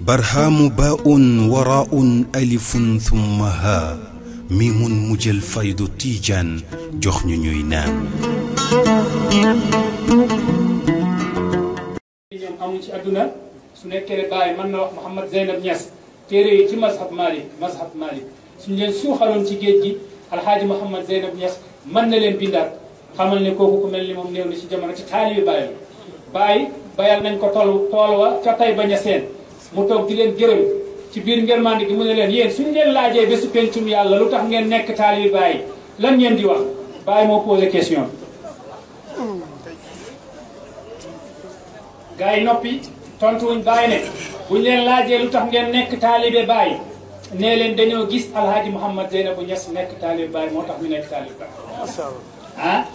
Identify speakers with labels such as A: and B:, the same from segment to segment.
A: barhaamu baa un waraa un alifun thumma haa mi mun mujjal faydu tiijaan jox ñu ñuy naan. ñoom amuñ ci àdduna su nekkee ne Baay mën na wax Mouhamed Zeynab Niass téere yi ci mazhab Malik mazhab Malik suñ leen suuxaloon ci géej gi alxaaji Mouhamed Zeynab Niass mën na leen bindaat. xamal ni kooku ku mel ni moom néew ni ci jamono ci taali bi bàyyi bàyyi bayal nañ ko tool tool wa ca tay bañ a seen mu toog di leen gërëm ci biir ngërmande gi mu ne leen yéen suñu leen laajee bésu pencum yàlla lu tax ngeen nekk taali bi bàyyi lan ngeen di wax bàyyi moo posé question gars yi noppi tontu wuñ bàyyi ne buñ leen laajee lu tax ngeen nekk taalibe bàyyi nee leen dañoo gis alhaaji Mouhamad Zeynabou Niass nekk taalibe bàyyi moo tax ñu nekk taalibe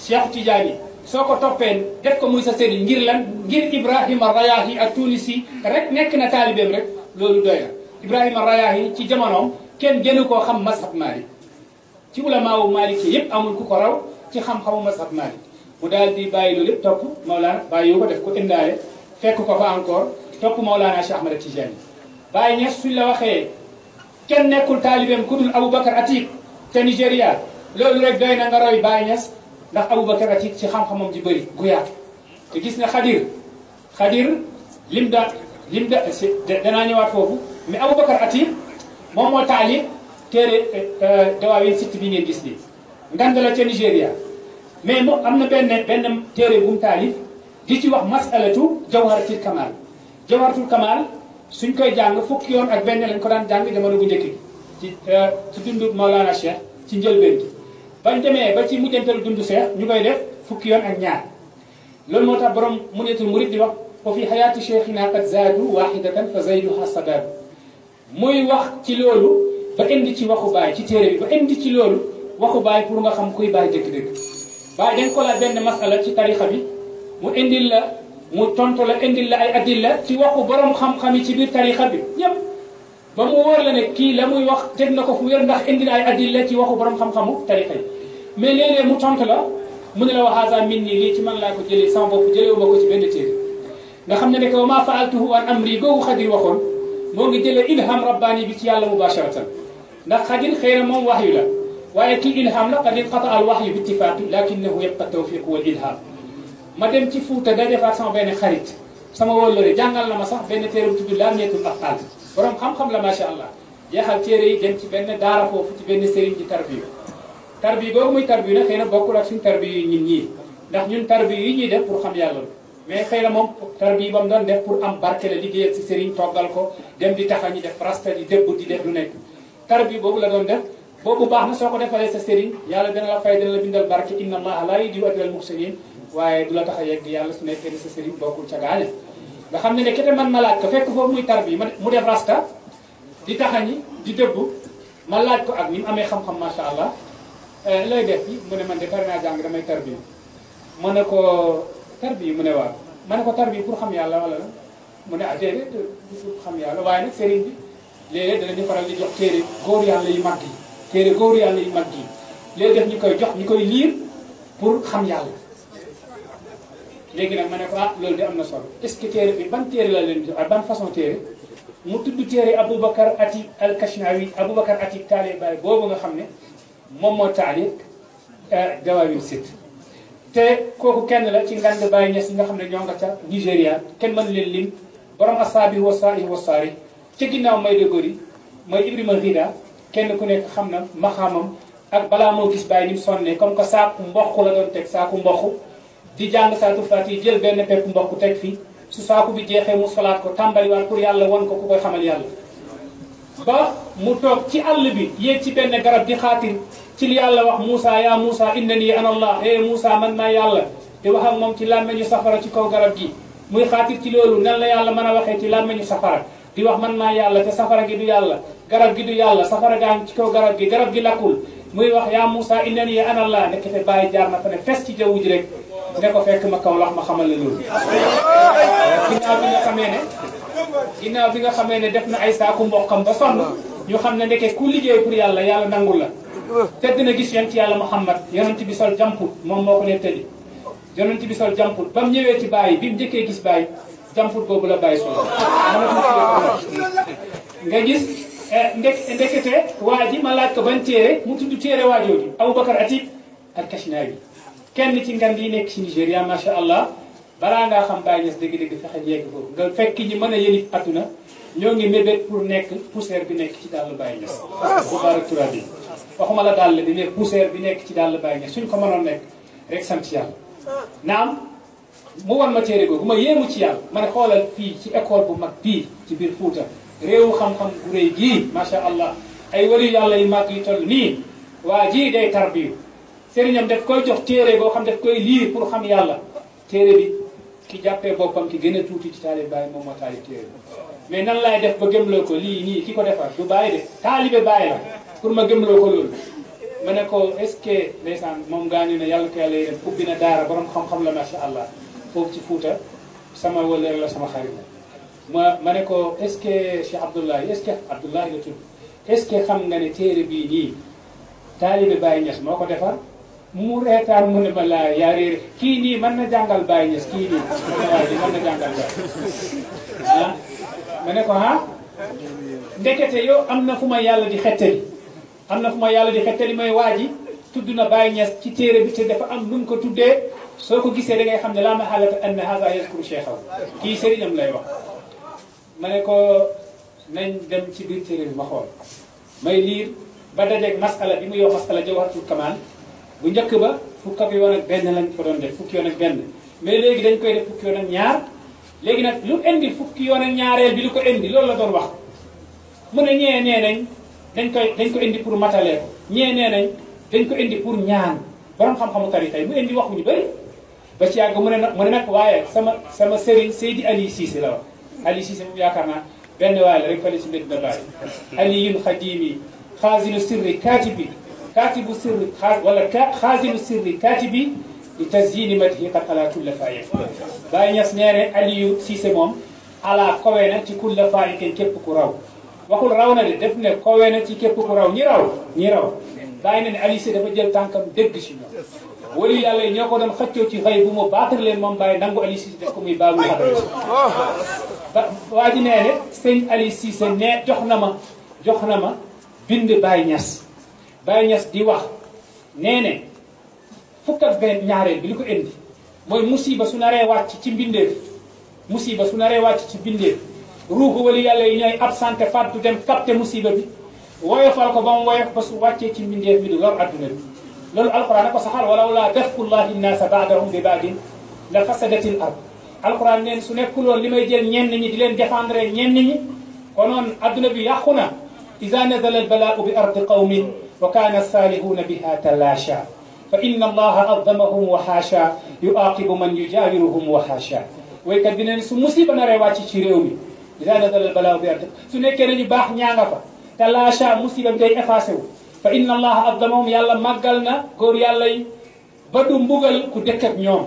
A: Cheikh Tidiane soo ko toppee def ko muy sa sëriñ ngir lan ngir Ibrahima Rayahi ak Tunisi rek nekk na taalibeem rek loolu doy na Ibrahima Rayahi ci jamonoom kenn gënu koo xam mazhab Malik ci ulamaawu Malik yëpp amul ku ko raw ci xam-xamu mazhab Malik mu daal di bàyyi loolu yëpp topp Maolana bàyyi ko def ko indaale fekk ko fa encore topp Maolana Cheikh Ahmed Tidiane Baye Niass suñ la waxee kenn nekkul taalibeem ku dul Aboubacar Atiq te ndax Aboubacar a ci ci xam-xamam ji bëri gu te gis nga xadir xadir lim da lim da danaa ñëwaat foofu mais Aboubacar ati moom moo taali téere eh, eh, dawaawin sitt bi ngeen gis nii ngand la ca Nigéria mais moom am na benn benn téere bu mu di ci wax masalatu jawharatul kamal jawharatul kamal suñ koy jàng fukki yoon ak benn lañ ko daan jàng jamono bu njëkk ci eh, ci dund Maolana Cheikh ci njëlbeen gi bañ démé ba ci mujjantal dundu seex ñu koy def fukki yoon ak ñaar lool mo tax borom munetul murid di wax wa fi xayaati cheikhina qad zadu wahidatan fa zaiduha sadaadu moy wax ci loolu ba indi ci waxu baay ci téré bi ba indi ci loolu waxu baay pour nga xam kuy baay dëgg-dëgg baay dañ ko la benn masala ci tarixa bi mu indil la mu tontu la indil la ay adilla ci waxu borom xam xami ci biir tarixa bi yépp ba mu wóor la ne kii la muy wax teg na ko fu wér ndax indi na ay adilla ci waxu borom xam-xamu tariqa yi mais léeg-léeg mu tontu la mu ne la wa haza min nii lii ci man laa ko jëlee sama bopp jëlewu ma ko ci benn téere nga xam ne ne ko ma faaltuhu an amri googu xadir waxoon moo ngi jëlee ilham rabbaani bi ci yàlla mubasharatan ndax xadir xëy na moom wax yu la waaye kii ilham la qad inqata al waxyu bi ittifaaqi lakinahu yabqa tawfiq wal ilham ma dem ci fuuta dajefaat sama benn xarit sama wóllëre jàngal na ma sax benn téere bu tudd laa nekkul afqaal borom xam-xam la macha allah jeexal téere yi dem ci benn daara foofu ci benn sëriñ ci tarbi tarbi boobu muy tarbi na xëy na bokkul ak suñ tarbiyu yi ñin ñi ndax ñun tarbi yi ñuy def pour xam yàlla mais xëy na moom tarbiyu doon def pour am barke la liggéeyal si sëriñ toggal ko dem di taxa ñi def rasta di dëbb di def lu nekk tarbi boobu la doon def boobu baax na soo ko defalee sa sëriñ yàlla dana la fay dana la bindal barke inna allaha laa yudii'u ajral muhsinin waaye du la tax a yegg yàlla su nekkee ni sa sëriñ bokkul ca gaale nga xam ne ne kete man ma laaj ko fekk foofu muy tar bi mu def rasta di taxañi di dëbb ma laaj ko ak ni mu amee xam-xam macha allah eh, looy def bi mu ne man de pare naa jàng damay tar bi ma ne ko tar yi mu ne waa ma ne ko tar bi pour xam yàlla wala la mu ne ah déedéet pour xam yàlla waaye ne sëriñ bi léeg-léeg faral di jox téere góor yàlla yu mag yi téere góor yàlla yu mag yi léegi def ñu koy jox ñu koy liir pour xam yàlla léegi nag ma ne ko ah, loolu de am na solo est-ce que téere bi ban téere la leen di ak ban façon téere mu tudd téere Aboubacar Atiq al-Kashnawi Aboubacar Atiq taale baay boobu nga xam ne moom moo taaliq euh, Dawaawin Sitt te kooku kenn la ci ngand Baay Ñas yi nga xam ne ñoo nga ca Nigéria kenn mën leen lim borom asaabi wasaahi wasaari ca ginnaaw may dégori mooy Ibrahima Rida kenn ku nekk xam na maxaamam ak balaa moo gis Baay ni mu sonnee comme que saaku mboq la doon teg saaku mboq. di jàng saa fati jël benn pepp ndox ku teg fi su saaku bi jeexee mu salaat ko tàmbaliwaat pour yàlla won ko ku koy xamal yàlla ba mu toog ci àll bi yéeg ci benn garab di xaatir ci yàlla wax Moussa yaa Moussa innani ana Allah eh Moussa man naa yàlla di wax ak moom ci làmmeñu safara ci kaw garab gi muy xaatir ci loolu nan la yàlla mën a waxee ci ñu safara di wax man naa yàlla te safara gi du yàlla garab gi du yàlla safara gaa ngi ci kaw garab gi garab gi lakkul muy wax yaa Moussa innani ana Allah nekk te bàyyi jaar na fa ne fes ci jaww ji rek ne ko fekk ma Kaolack ma xamal la loolu. ginnaaw bi nga xamee ne ginnaaw bi nga xamee ne def na ay saaku mboqam ba sonn ñu xam ne ndeke ku liggéey pour yàlla yàlla nangul la. te na gis yonent yàlla Muhammad yonent bi sol jampul moom moo ko nettali yonent bi sol jampul ba mu ñëwee ci bàyyi bi mu njëkkee gis bàyyi jampul boobu la bàyyi sol nga gis eh, ndek ndekete waa ji ma laaj ko ban téere mu tudd téere waajooju Aboubacar Atiq al bi kenn ci ngan yi nekk ci Nigéria macha allah balaa ngaa xam Baye Niass dëgg-dëgg fexe yegg foofu nga fekk ñi mën a yëlif àdduna ñoo ngi mébét pour nekk poussière bi nekk ci dàll Baye Niass. bu barak tura bi waxuma la dàll bi mais nekk ci dàll Baye ko mënoon nekk rek sant yàlla. naam mu wan ma téere googu ma yéemu ci yàlla ma ne xoolal fii ci école bu mag bii ci biir Fuuta réewu xam-xam bu rëy gii macha allah ay wali yàlla yu mag yu toll nii waa jii day tarbiyu sëriñam daf koy jox téere boo xam daf koy lii pour xam yàlla téere bi ki jàppee boppam ki gën a tuuti ci taalib Baay moom moo taalib téere bi mais nan laay def ba gëmloo ko lii nii ki ko defar du Baay de taalibe Baay la pour ma gëmloo ko ma ne ko est ce que ndeysaan moom gaañu ne yàlla ko yàlla yi def ubbi na daara borom xam-xam la macha allah foofu ci Fuuta sama wëllër la sama xarit ma ma ne ko est ce que Cheikh Abdoulaye est ce que Abdoulaye la tudd est ce que xam nga ne téere bii nii taalibe Baay Ñas moo ko defar mu reetaan mu ne ma laa yaa réer kii nii man na jàngal bàyyi ñës kii nii waaye di na jàngal bàyyi ah ma ne ko ah ndekete yow am na fu ma yàlla di xettali am na fu ma yàlla di xettali may waa ji tudd na bàyyi ñës ci téere bi te dafa am lu mu ko tuddee soo ko gisee da ngay xam ne laa ma xaalata ann haga yaskuru cheikhaw kii sëriñam lay wax ma ne ko nañ dem ci biir téere bi ma xool may liir ba dajeeg masala bi mu yow masala jawharatul kamaan bu njëkk ba fukk ak yoon ak benn lañ ko doon def fukki yoon ak benn mais léegi dañ koy def fukki yoon ak ñaar léegi nag lu indi fukki yoon ak ñaareel bi lu ko indi loolu la doon wax mu ne ñee nee nañ dañ koy dañ ko indi pour matalee ko ñee nañ dañ ko indi pour ñaan borom xam-xamu tarixa yi mu indi wax ñu bëri ba ci yàgg mu ne nag mu ne nag waaye sama sama sëriñ Seydi Ali Cissé la wax Ali Cissé yaakaar naa benn waaye la rek fële ci mbedd na bàyyi كاتب سري ولا خازن سري كاتبي لتزيين مدحي قد على كل فائق باين يسنير علي سيسي موم على قوينة كل فائق كيف كراو وقل راونا لدفن قوينة كيف كراو نيراو نيراو باين علي سيدفع جل تانكم دبشي موم ولي الله نيوكو دم خطيو تي غيب مو باطر لين موم باين نانو علي سيسي كومي باو حدر واجي نيري سين علي سيسي نيري جوخنا ما جوخنا ما بند باين يسي Baye Niass di wax nee ne fukk ak benn ñaareel bi li ko indi mooy musiba su naree wàcc ci mbindeef musiba su naree wàcc ci mbindeef ruuxu wali yàlla yi ñooy absenté fàttu dem capté musiba bi woyofal ko ba mu woyof ba su wàccee ci mbindeef bi du lor adduna bi loolu alquran a ko saxal walaw laa dafkullahi nnaasa baadahum bi baadin la fasadatil ard alquran neen su nekkuloon li may jël ñenn ñi di leen défendre ñenn ñi konoon adduna bi yàqu na iza nazala albalaa bi ardi qawmin وكان الصالحون بها تلاشا فإن الله عظمهم وحاشا يعاقب من يجاورهم وحاشا waykat bi neen su musiba naree wàcc ci réew mi ida nazala balaa bi ard su nekkee nañu baax ñaa nga fa telaasha musiba bi day effacé wu fa inna allaha addamahum yàlla màggal na góor yàlla yi ba du mbugal ku dëkk ak ñoom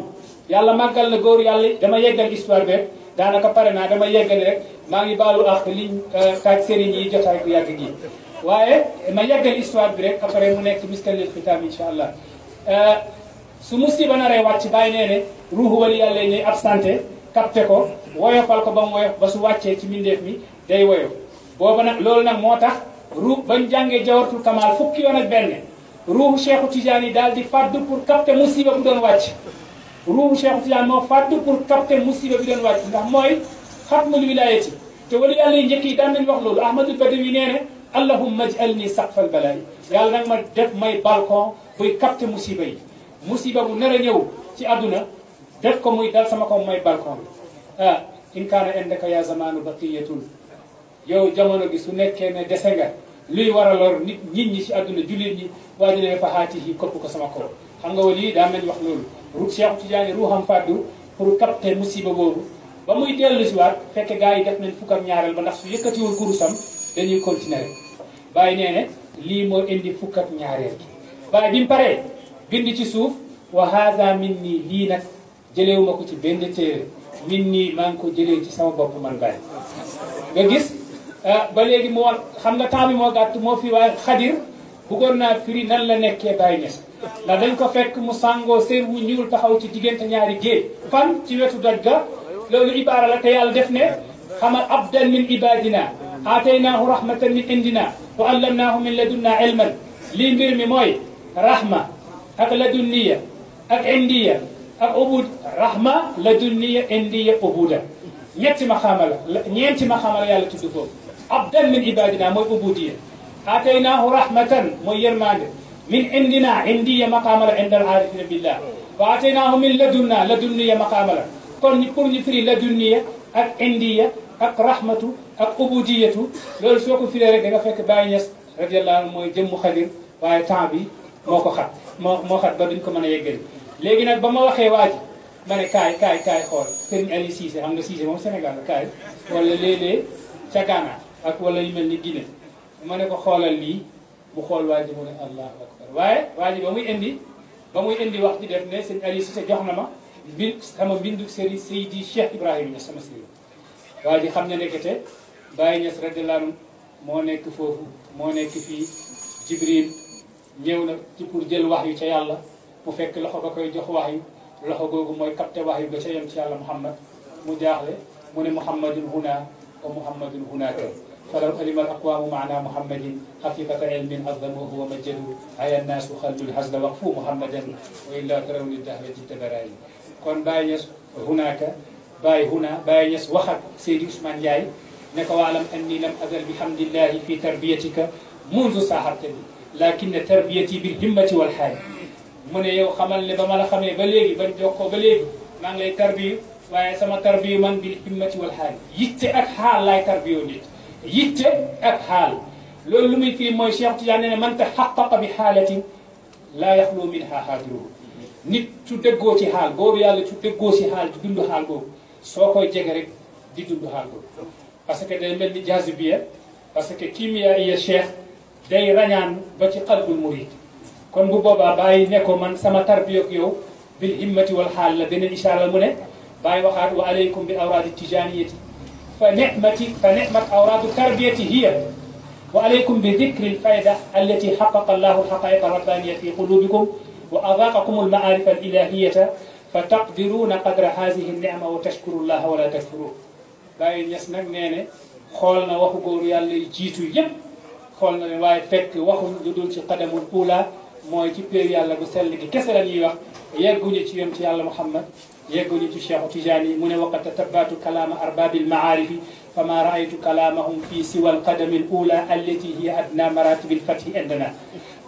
A: yàlla màggal na góor yàlla yi dama yeggal histoire bi daanaka pare naa dama yeggal rek maa ngi baalu ak liñ kaaj sëriñ yi jotaay bu yàgg gi waaye ma yeggal histoire bi rek après mu nekk miskalil xitaam incha allah euh, su musiba naree wàcc bàyyi nee ne ruuxu wali yàlla yi ñuy absenté capté ko woyofal ko ba mu woyof ba su wàccee ci mbindeef mi day woyof booba nag loolu nag moo tax ruux bañ jàngee jawartul kamaal fukki yoon ak benn ruuxu Cheikhu Tidiane yi daal di fàddu pour capté musiba bu doon wàcc ruuxu Cheikhu Tidiane moo fàddu pour capté musiba bi doon wàcc ndax mooy xatmul wilayati te wali yàlla yi njëkk yi daan wax loolu Ahmadul Badawi nee ni ij'alni saqfal balaa yàlla nag ma def may balcon buy capter musiba yi musiba bu nar a ñëw ci àdduna def ko muy dal sama kaw may balcon bi ah in kaana indaka yaa zamaanu baqiyatul yow jamono gi su nekkee ne dese nga luy war a lor nit nit ñi ci àdduna jullit ñi waa jëlee fa xaati yi këpp ko sama kaw xam nga wala lii daa mel wax loolu ru Cheikh Tidiane ruuxam fàddu pour capter musiba boobu ba muy dellu si waat fekk gars yi def nañ fukk ak ñaareel dañuy continuer rek lii moo indi fukk ak ñaareel gi bàyyi bi mu bind ci suuf wa haada min nii lii nag jëleewuma ko ci benn téere min nii maa ngi ko jëlee ci sama bopp man bàyyi nga gis ah, ba léegi moo xam nga temps bi moo gàtt moo fi waaye xadir buggoon naa firi nan la nekkee Baye Niass ndax dañ ko fekk mu sàngoo sër wu ñuul taxaw ci diggante ñaari géej fan ci wetu doj ga loolu ibaara la te yàlla def ne xamal abdan min ibadina aataynaahu rahmatan min indina wa allamnaahu min ladunna ilman lii mbir mi mooy rahma ak ladunniya ak indiya ak ubud rahma ladunniya indiya ubuda ñetti maxaama la ñeenti maxaama la yàlla tudd ko abdan min ibadina mooy ubudiya aataynaahu rahmatan mooy yërmande min indina indiya maqaama la inda al aarifina billah wa aataynaahu min ladunna ladunniya maqaama la kon pour ñu firi ladunniya ak indiya ak rahmatu ak ubudiyatu loolu soo ko firee rek da nga fekk Baye Niass radiyallahu anhu mooy jëmmu xadir waaye temps bi moo ko xat moo moo xat ba duñ ko mën a yeggali léegi nag ba ma waxee waa ji ma ne kaay kaay kaay xool Serigne Ali Cissé xam nga Cissé moom Sénégal la kaay wala léeg-léeg ca ak wala yu mel ni Guinée ma ne ko xoolal lii mu xool waa ji mu ne allahu waaye waa ji ba muy indi ba muy indi wax ci def ne Serigne Ali Cissé jox na ma mbir sama mbindu Serigne Seydi Cheikh Ibrahima Niass sama sëriñ daal di xamne ne nekkete Baye Niass radiyallahu anhu mo nek fofu mo nek fi Jibril ñëw na ci pour jël wax yu ci yàlla mu fekk loxo ba koy jox wax yu loxo gogu moy capté wax yu ba ci yem ci yàlla Muhammad mu jaxlé mu ne Muhammadun huna wa Muhammadun hunaka فلو علم الأقوام معنى محمد حقيقة علم عظموه ومجدوا هيا الناس خلوا الحزن وقفوا محمدا وإلا ترون الدهر جد براي كون بايس هناك Baye Huna Baye Niass wax ak Seydi Ousmane Ndiaye ne ko waalam anni lam azal bihamdillahi fi tarbiyatika mundu sahartani lakinna tarbiyati bil himmati wal haaya mu ne yow xamal ne ba ma la xamee ba léegi ba jokkoo ba léegi maa ngi lay tarbiyu waaye sama tarbiyu man bil himmati wal haaya yitte ak xaal laay tarbiyoo nit yitte ak xaal loolu lu muy fii mooy Cheikh Tidiane ne man taxaqaqa bi xaalatin laa yaxloo minha haadiruhu nit su déggoo ci xaal boobu yàlla su déggoo ci xaal di dund xaal boobu soko koy jege rek di parce que day mel ni jaasibiya parce que kimia ya cheikh day rañaan ba ci xalbul murid kon bu boba bàyyi ne ko man sama tarbiyoog yow bil himmati wal hal la beneen incha allah mu ne bàyyi waxaat wa alaykum bi awraadi tijaniyati fa ni'mati, fa nicmat awraadu tarbiyati hiya wa alaykum bi dhikri وعليكم بذكر الفائدة التي حقق الله الحقائق الربانية في قلوبكم وأذاقكم المعارف الإلهية فتقدرون قدر هذه النعمة وتشكروا الله ولا تكفروه باي نسنا نينه خولنا واخو غور يالله جيتو ييب خولنا لي واي فك واخو جودول سي قدم الاولى موي سي بير يالله بو سل لي كسر لي واخ يغوني سي يوم سي يالله محمد يغوني سي شيخ تيجاني من وقت تتبعت كلام ارباب المعارف فما رايت كلامهم في سوى القدم الاولى التي هي ادنى مراتب الفتح عندنا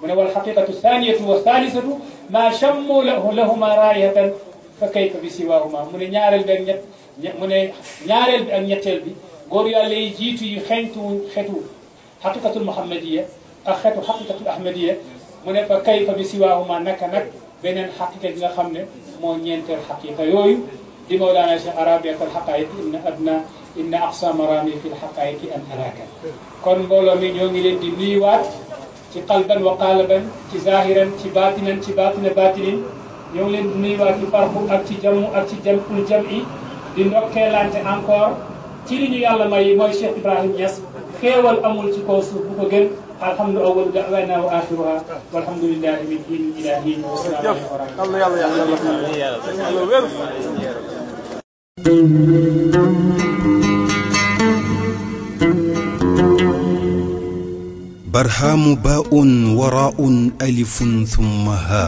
A: من والحقيقه الثانيه والثالثه ما شموا له لهما رايه فكيف بسواهما من نيارل بن نيت من نيارل بن نيتل بي غور يالي جيتو يخنتو خيتو حقيقه المحمديه اخيتو حقيقه الاحمديه من فكيف بسواهما نك نك بنن حقيقه جيغا خامني مو نينتر حقيقه يوي دي مولانا شيخ عربي قال حقائق ان ادنى ان اقصى مرامي في الحقائق ان اراك كون بولو مي نيوغي لين دي نيوات في قلبا وقالبا في ظاهرا في باطنا ñoo ngi leen di nuyuwaat ci farbu ak ci jamu ak ci jam ul jam i di ci li ñu yàlla may mooy Cheikh Ibrahim Niass xéewal amul ci kaw suuf bu alhamdu awal da'wana wa axiruha walhamdulillahi min diin ilahi barhamu baun waraun alifun thumma ha